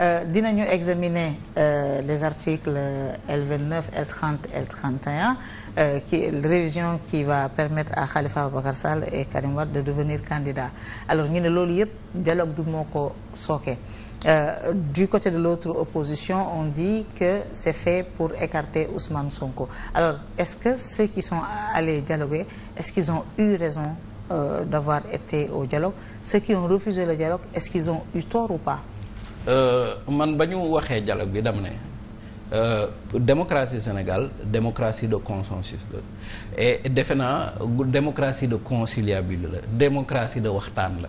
Euh, dinañu examiner euh, les articles L29 L30 L31 qui révision qui va permettre à Khalifa Ababacar Sall et Karim Wade de devenir candidat alors ñu ne loolu yëpp dialogue bi moo ko sooke Euh, du côté de l'autre opposition on dit que c'est fait pour écarter Ousmane Sonko alors est-ce que ceux qui sont allés dialoguer est-ce qu'ils ont eu raison euh, au dialogue ceux qui ont refusé le dialogue est-ce qu'ils ont eu tort ou pas Euh, man ba ñu waxee dialogue bi dama ne euh, démocratie Sénégal démocratie de consensus la et defe naa démocratie de conciliabule la démocratie de waxtaan la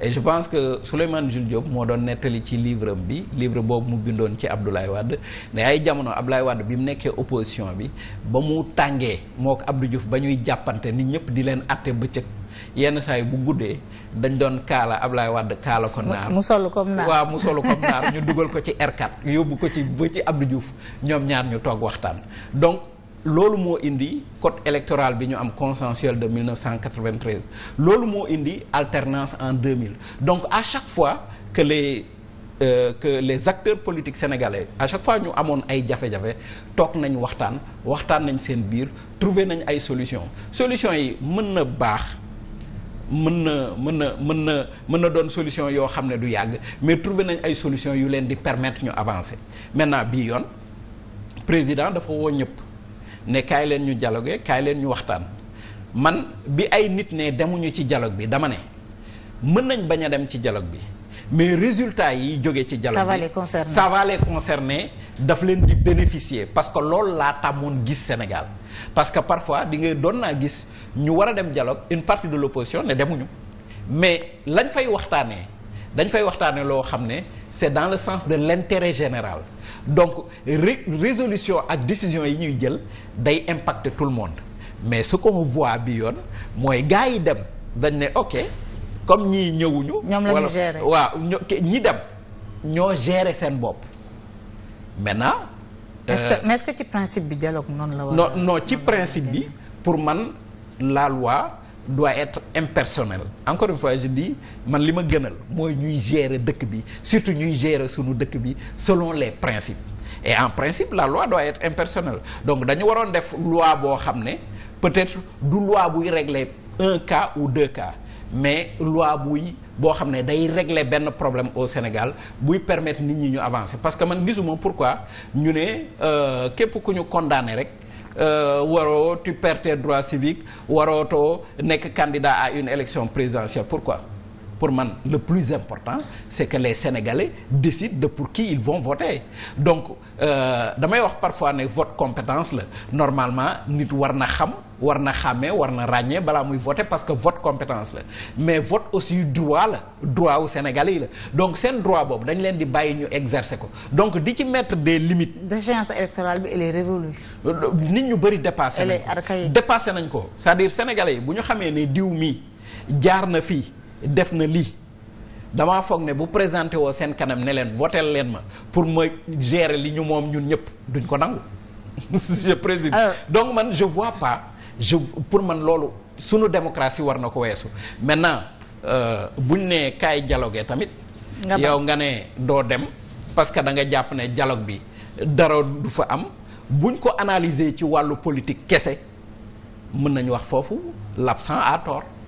et je pense que Souleymane Jules Diop moo doon nettali ci livre bi livre boobu mu bindoon ci Abdoulaye Wade ne ay jamono Abdoulaye Wade bi mu nekkee opposition bi ba mu tàngee moo ko Abdou Diouf ba ñuy jàppante nit ñëpp di leen atte bëccëg yenn saa bu guddee dañ doon kaala Ablaye Wade kaala ko naar mu solu comme naar waaw mu solu comme naar ñu dugal ko ci R4 yóbbu ko ci ba ci Abdou Diouf ñoom ñaar ñu toog waxtaan donc loolu moo indi code électoral bi ñu am consensuel de 1993 loolu moo indi alternance en deux mille donc à chaque fois que les Euh, que les acteurs politiques sénégalais à chaque fois ñu amoon ay jafe-jafe toog nañ waxtaan waxtaan nañ seen biir trouver nañ ay solution solution yi mën na baax mën na mën na mën na mën na doon solution yoo xam ne du yàgg mais trouvé nañ ay solution yu leen di permettre ñu avancer maintenant bii yoon président dafa woo ñëpp ne kaay leen ñu dialoguer kaay leen ñu waxtaan man bi ay nit ne demuñu ci jaloog bi dama ne mën nañ bañ a dem ci dialogue bi mais résultat yi jóge ci dialogue ça va les concerner leen di bénéficier parce que loolu laa tàmmoon gis Sénégal parce que parfois di nga doon naa gis ñu war a dem dialogue une partie de l'opposition ne demuñu mais lañ fay waxtaanee dañ fay waxtaanee loo xam ne c'est dans le sens de l'intérêt général donc ré résolution ak décision yi ñuy jël day impacter tout le monde mais su ko voit bi yoon mooy gars yi dem dañ ne ok comme ñii ñëwuñu. ñoom la ñu gérer waaw ñi dem ñoo gérer seen bopp maintenant. est-ce euh, que ce que ci principe bi dialogue noonu la. non non ci principe bi pour man la loi doit être impersonnelle encore une fois je man li ma gënal mooy ñuy gérer dëkk bi surtout ñuy gérer sunu dëkk bi selon les principes et en principe la loi doit être impersonnelle donc dañu waroon def loi boo xam ne peut-être du loi buy régler un cas ou deux cas. mais loi buy boo xam ne day régler benn problème au Sénégal buy permettre nit ñi ñu avancer parce que man gisuma pourquoi ñu ne euh, képp ku ñu condamné rek euh, waroo tu perds tes droits warootoo nekk candidat à une élection présidentielle quoi pour man le plus important c'est que les Sénégalais décident de pour qui ils vont voter donc euh, damay wax parfois ne vote compétence la normalement nit war na xam war na xàmmee war na ràññee balaa muy voter parce que vote compétence la mais vote aussi droit la droit wu Sénégalais yi la donc seen droit boobu dañ leen di bàyyi ñu exercer ko donc di ci mettre des limites. déchéance électorale bi elle est nit ñu bëri dépassé nañ ko dépassé nañ ko c'est-à-dire sénégalais yi bu ñu xamee ne diw mii jaar na fii def na lii. damaa foog ne bu présenté woo seen kanam ne leen voteel leen ma pour ma gérer li ñu moom ñun ñëpp duñ ko nangu je présume donc man je vois pas je pour man loolu sunu démocratie war na ko weesu maintenant euh, buñ nee kaay jalogee tamit. yow nga ne doo dem parce que da nga jàpp ne dialogue bi dara du fa am buñ ko analyser ci wàllu politique kese mën nañu wax foofu l'absent à tort.